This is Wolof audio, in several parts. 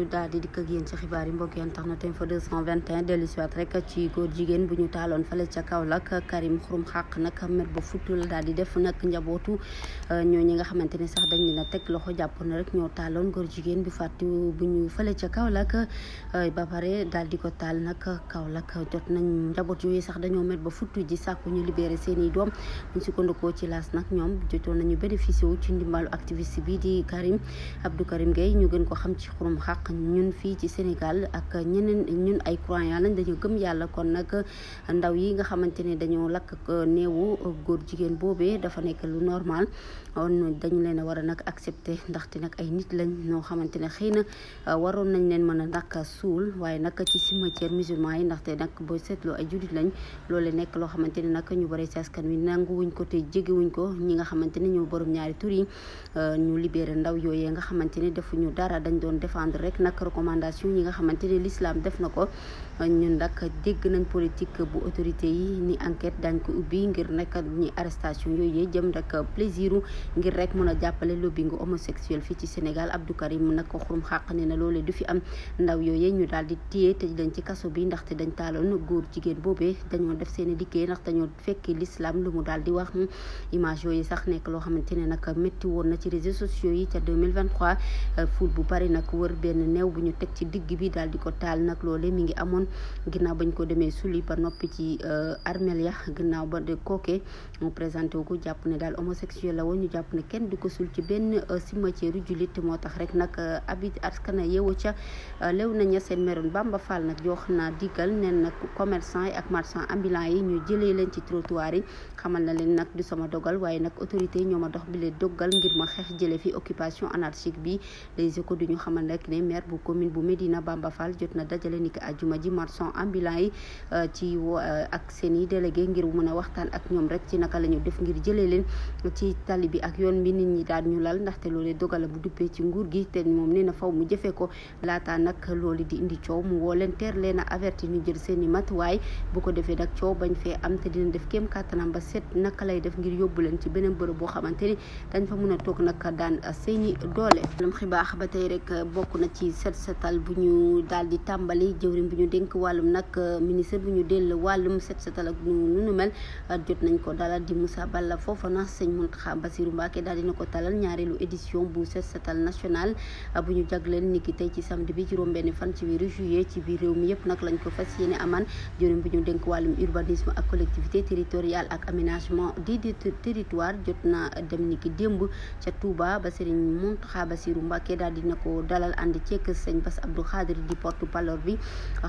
ñu daal di dikk ak yéen ci xibaar yi mbokk yi internet info 221 dellu si rek ci góor jigéen bu ñu taaloon fale ca Kaolack Karim Xurum Xaq nag mer ba futtu la di def nag njabootu euh, ñoo ñi nga xamante ne sax dañ leen a teg loxo na rek ñoo taaloon góor jigéen bi fàttu bu ñu fale ca Kaolack euh, ba pare di ko taal nag Kaolack jot nañ njaboot yooyu sax dañoo mer ba futtu ji sàkku ñu libéré seen i doom ñu sukkandikoo ci laas nag ñoom jotoon nañu bénéficié wu ci ndimbalu activiste bi di Karim Abdou Karim Gueye ñu gën ko xam ci xurum xaq ak ñun fii ci Sénégal ak ñeneen ñun ay croyants lañ dañu gëm yàlla kon nag ndaw yi nga xamante ne dañoo lakk néewu góor jigéen boobee dafa nekk lu normal on dañu leen a war a nag accepter ndaxte nag ay nit lañ ñoo xamante ne xëy na euh, waroon nañ leen mën a nag suul waaye nag ci cimetière musulman yi ndax te nag boo seetloo ay jullit lañ loole nekk loo xamante ni nag ñu bari ci askan wi nanguwuñ ko te jegewuñ ko ñi nga xamante ni ñoo borom ñaari tur yi euh, ñu libéré ndaw yooyee nga xamante ne defuñu dara nag recommandation ñi nga xamante ne lislaam def na ko ñun nag dégg nañ politique bu autorité yi ni enquête dañ ko ubbi ngir nekk ñi arrestation yooyu jëm rek plaisiru ngir rek mën a jàppale lobbying homosexuel fii ci Sénégal Abdou Karim nag xurum xàq ne na loolee du fi am ndaw yooyu ñu daal di tiye te dañ ci kaso bi ndaxte dañ taaloon góor jigéen boobee dañoo def seen liggéey ndax dañoo fekki l'islam lu mu daal di wax image yooyu sax nekk loo xamante ne nag métti woon na ci réseaux sociaux yi ca 2023 foot bu bari nag néew bu ñu teg ci digg bi daal di ko taal nag loole mi ngi amoon ginnaaw bañ ko demee suli ba noppi ci euh, armel ya ginnaaw ba de kooke mu présenté wu ko jàpp ne daal homosexuel la woon ñu jàpp ne kenn di ko sul ci benn euh, cimetière u jullit moo tax rek nag euh, abit askana yeewu ca lew na ña seen meroon Bamba Fall nag jox na diggal neen nag commerçant yi ak marsant ambulant yi ñu jëlee leen ci trottoir yi xamal na leen nag du sama dogal waaye nag autorité yi ñoo ma dox bi leen dogal ngir ma xeex jële fi occupation anarchique bi maire bu commune bu Médina Bamba Fall jot na dajale ni ki ajuma ji marchand ambulant yi euh, ci woo euh, ak seen i délégué ngir mun a waxtaan ak ñoom rek ci naka la ñu def ngir jëlee leen ci tali bi ak yoon bi nit ñi daan ñu lal ndaxte loolu dogala bu duppee ci nguur gi te moom nee na faw mu jëfee ko laataa nag loolu di indi coow mu woo leen teer leen a averti ñu jël seeni i matuwaay bu ko defee nag coow bañ fee am te dina def kem kattanam ba set naka lay def ngir yóbbu leen ci beneen bërëb boo xamante ni dañ fa mën a toog nag daan seeni doole xibaar ba tey rek bokk na ci ci set setal bu ñu daal di tàmbali jëwriñ bu ñu dénk wàllum nag euh, ministre bu ñu dell wàllum set setal ak nu nu mel euh, jot nañ ko dalal di Moussa Balla Fofana sëñ Mountakha Bassirou Mbacké daal dina ko talal ñaareelu édition bu set setal national euh, bu ñu jagleel niki tey ci samedi bi juróom-benn fan ci weeru ci biir réew mi yëpp nag lañ ko fas yéene amaan jëwriñ bu ñu dénk wàllum urbanisme ak collectivité territoriale ak aménagement du territoire jot na dem niki démb ca Touba ba sëriñ Mountakha Bassirou ko dalal ànd ci kër sëñ Bass Abdou Khadir di porte-parole bi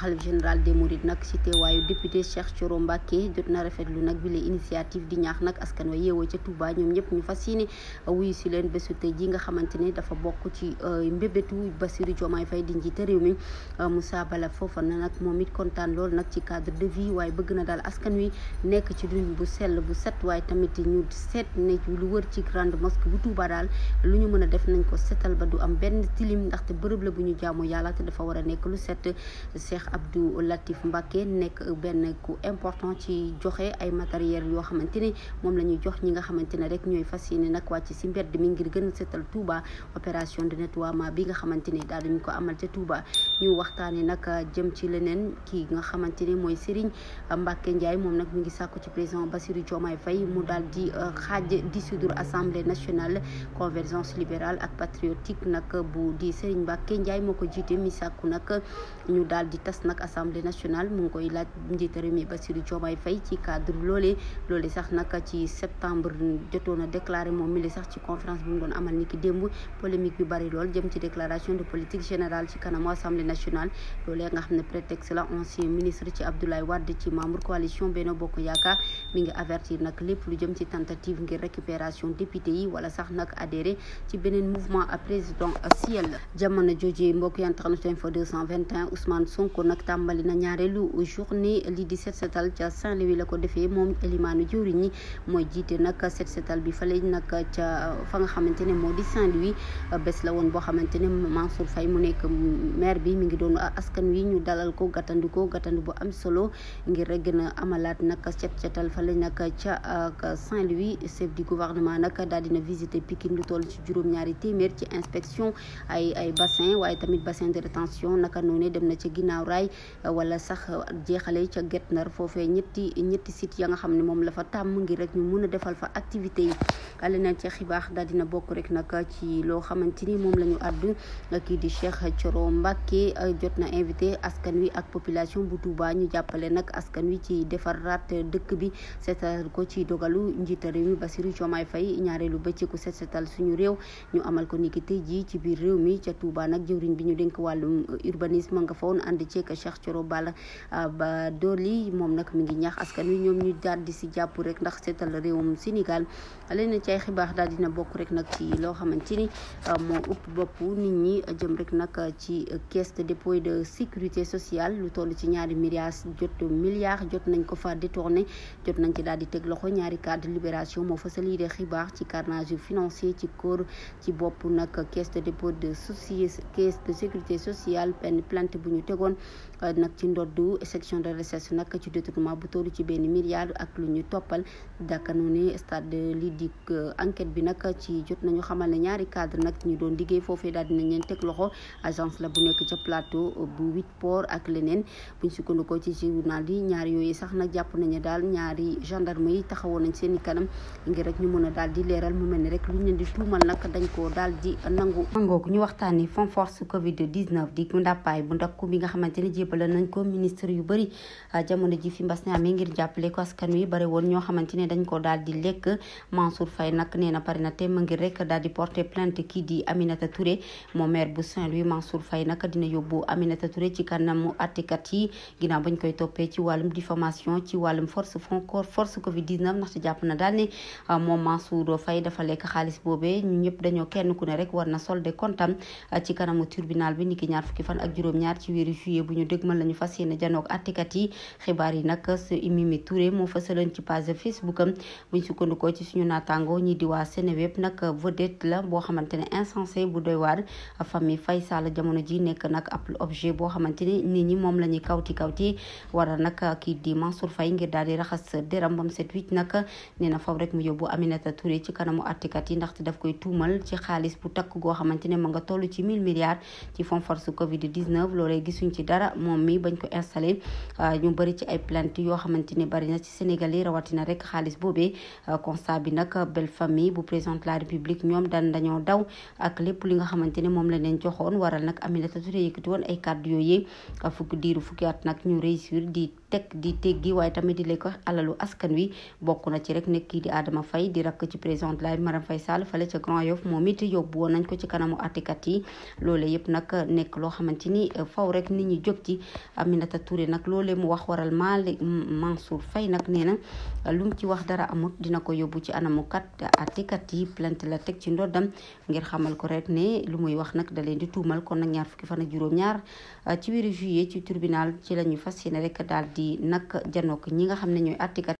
xalif général des Mourides nag ci teewaayu député Cheikh Thioro Mbacké jot na rafetlu nag bi la initiative di ñaax nag askan wa yeewoo ca Touba ñoom ñëpp ñu fas yéene wuyu si leen bésu tey ji nga xamante ne dafa bokk ci euh, mbébétu Bassirou Diomaye Faye di njiite réew mi euh, Moussa Bala Fofana nag moom it kontaan lool nag ci cadre de vie waaye bëgg na daal askan wi nekk ci dund bu sell bu set waaye tamit ñu seet ne lu wër ci grande mosquée bu Touba daal lu ñu a def nañ bu ñu jaamu yàlla te dafa war a nekk lu set Cheikh Abdou Latif Mbacké nekk benn ku important ci joxe ay matériel yoo xamante ne moom la ñuy jox ñi nga xamante ne rek ñooy fas yéene nag wàcc si mbedd mi ngir gën setal Touba opération de nettoiement bi nga xamante ne daal dañu ko amal ca Touba ñu waxtaanee nag euh, jëm ci leneen kii nga xamante ne mooy Serigne Mbacke Ndiaye moom nag mu ngi sàkku ci président Bassirou Diomaye Faye mu daal di euh, xaaj dissoudre assemblée nationale convergence libérale ak patriotique nag bu di Serigne Mbacke Ndiaye moo ko jiite mi sàkku nag ñu daal di tas nag assemblée nationale mu ngi koy laaj njiitu réew mi Bassirou ay Faye ci cadre loolee loolee sax nag ci septembre jotoon a déclaré moom mi li sax ci conférence bi mu doon amal ni ki démb polémique bi bari lool jëm ci déclaration de politique générale ci kanamu assemblée nationale loolee nga xam ne prétexte la ancien ministre ci Abdoulaye Wade ci membre coalition Benno Bokk Yaakaar mi ngi avertir nag lépp lu jëm ci tentative ngir récupération député yi wala sax nag adhéré ci beneen mouvement à présidentiel jamono jooju mbokk yi internet info 221 Ousmane Sonko nag tàmbali na ñaareelu journée li di set setal ca Saint-Louis la ko defee moom Elimaanu jëwriñ ñi mooy jiite nag set setal bi fa fële nag ca fa nga xamante ne moo di Saint-Louis bés la woon boo xamante ne Mansour Faye mu nekk maire bi mi ngi doon askan wi ñu dalal ko gàttandu ko gàttandu bu am solo ngir rek gën a amalaat nag cet-cetal fale nag ca Saint-Louis chef du gouvernement nag daal dina visiter Pikine lu toll ci juróom téeméer ci inspection ay ay bassin waaye tamit bassin de rétention naka noonee dem na ca ginnaaw raay wala sax jeexale ca Guet Ndar foofee ñetti ñetti ya nga xam ne moom la fa tàmm ngir rek ñu mun a defal fa activité yi leneen ci xibaar ci loo xamante moom la ñu àddu kii di Cheikh Thioro Mbacké bi jot na invité askan wi ak population bu Touba ñu jàppale nag askan wi ci defaraat dëkk bi seetal ko ci dogalu njiitu réew mi Bassirou Diomaye Faye ñaareelu bëccëgu set setal suñu réew ñu amal ko niki tey jii ci biir réew mi ca Touba nag jëwriñ bi ñu dénk wàllum urbanisme nga fa woon ànd ceeg Cheikh Thioro Balla ah, ba Doli moom nag mu ngi ñaax askan wi ñoom ñu daal di si jàpp rek ndax seetal réewum Sénégal leneen ci ay xibaar daal dina bokk rek nag ci loo xamante ni ah, moo upp bopp nit ñi jëm rek nag ci kees caisse de dépôt de sécurité sociale lu toll ci ñaari milliards jot milliards jot nañ ko fa détourné jot nañ ci daal di teg loxo ñaari cadre de libération moo fa sa lii de xibaar ci carnage financier ci kóor ci bopp nag caisse de dépôt de société caisse de sécurité sociale benn plainte bu ñu tegoon euh, nag ci ndoddu section de recherche nag ci détournement bu toll ci benn milliard ak lu ñu toppal dakanu ne stade lii di euh, enquête bi nag ci jot nañu xamal ne ñaari cadre nag ñu doon liggéey foofee daal dinañ leen teg loxo agence la bu nekk ca plateau euh, bu huit port ak leneen buñ sukkandikoo ci journal yi ñaari yooyu sax nag jàpp nañu daal ñaari gendarme yi taxawoon nañ seen i kanam ngir rek ñu mën a daal di leeral mu mel ni rek luñ leen di tuumal nag dañ koo daal di nangu. nangoog ñu waxtaanee fonds ko ministre yu bëri ah, jamono ji fi mbas mi amee ngir jàppale ko ne dañ koo daal di lekk Mansour dina yóbbu Aminata Touré ci kanamu àttekat yi ginnaaw bañ koy toppee ci wàllum diffamation ci wàllum force force Covid 19 ndaxte jàpp na daal ne euh, moom Mansour Faye dafa lekk xaalis boobee ñu dañoo kenn ku ne rek war na solde comptam euh, ci kanamu tribunal bi niki ñaar fukki fan ak juróom-ñaar ci weeru juillet bu ñu dëgmal la ñu fas yéene janoog àttekat yi xibaar yi nag Mimi Touré moo fësaloon ci page Facebook buñ sukkandikoo ci suñu naataango ñi di waa nag ab objet boo xamante ni nit ñi moom la ñuy kawti kawti waral nag kii di Mansour Faye ngir daal di raxas deram bam set wicc nag nee na faw rek mu yóbbu Aminata Touré ci kanamu attikat yi ndaxte daf koy tuumal ci xaalis bu takk goo xamante ne ma nga toll ci 1000 milliards ci fond force Covid 19 loolee gisuñ ci dara moom mi bañ ko installé euh, ñu bëri ci ay plainte yoo xamante ni bari na ci Sénégal yi rawatina rek xaalis boobee euh, constat bi nag be famille bu présidente de la République ñoom daan dañoo daw ak lépp la leen joxoon waral yëkkati woon ay kàddu yooyu fukki diiru fukki at nag ñu réussir di teg di teggi waaye tamit di ko alalu askan wi bokk na ci rek ne kii di Adama fay di rakk ci présidente laay Marème Faye fay fale ca Grand Yoff moom it yóbbu woon nañ ko ci kanamu attikat yi loolee yëpp nag nekk loo xamante ni eh, faw rek nit ñi jóg ci Aminata Touré nag loolee mu wax waral Malick Mansour Faye nag nee na eh, lu mu ci wax dara amut dina ko yóbbu ci anamu kat atikat yi plainte la teg ci ndoddam ngir xamal ko rek ne lu muy wax nag da leen di tuumal kon nag ñaar fukki fan ak juróom-ñaar eh, ci weeru juillet ci tribunal ci la ñu fas yéene rek daal di nag janook ñi nga xam ne ñooy àttikat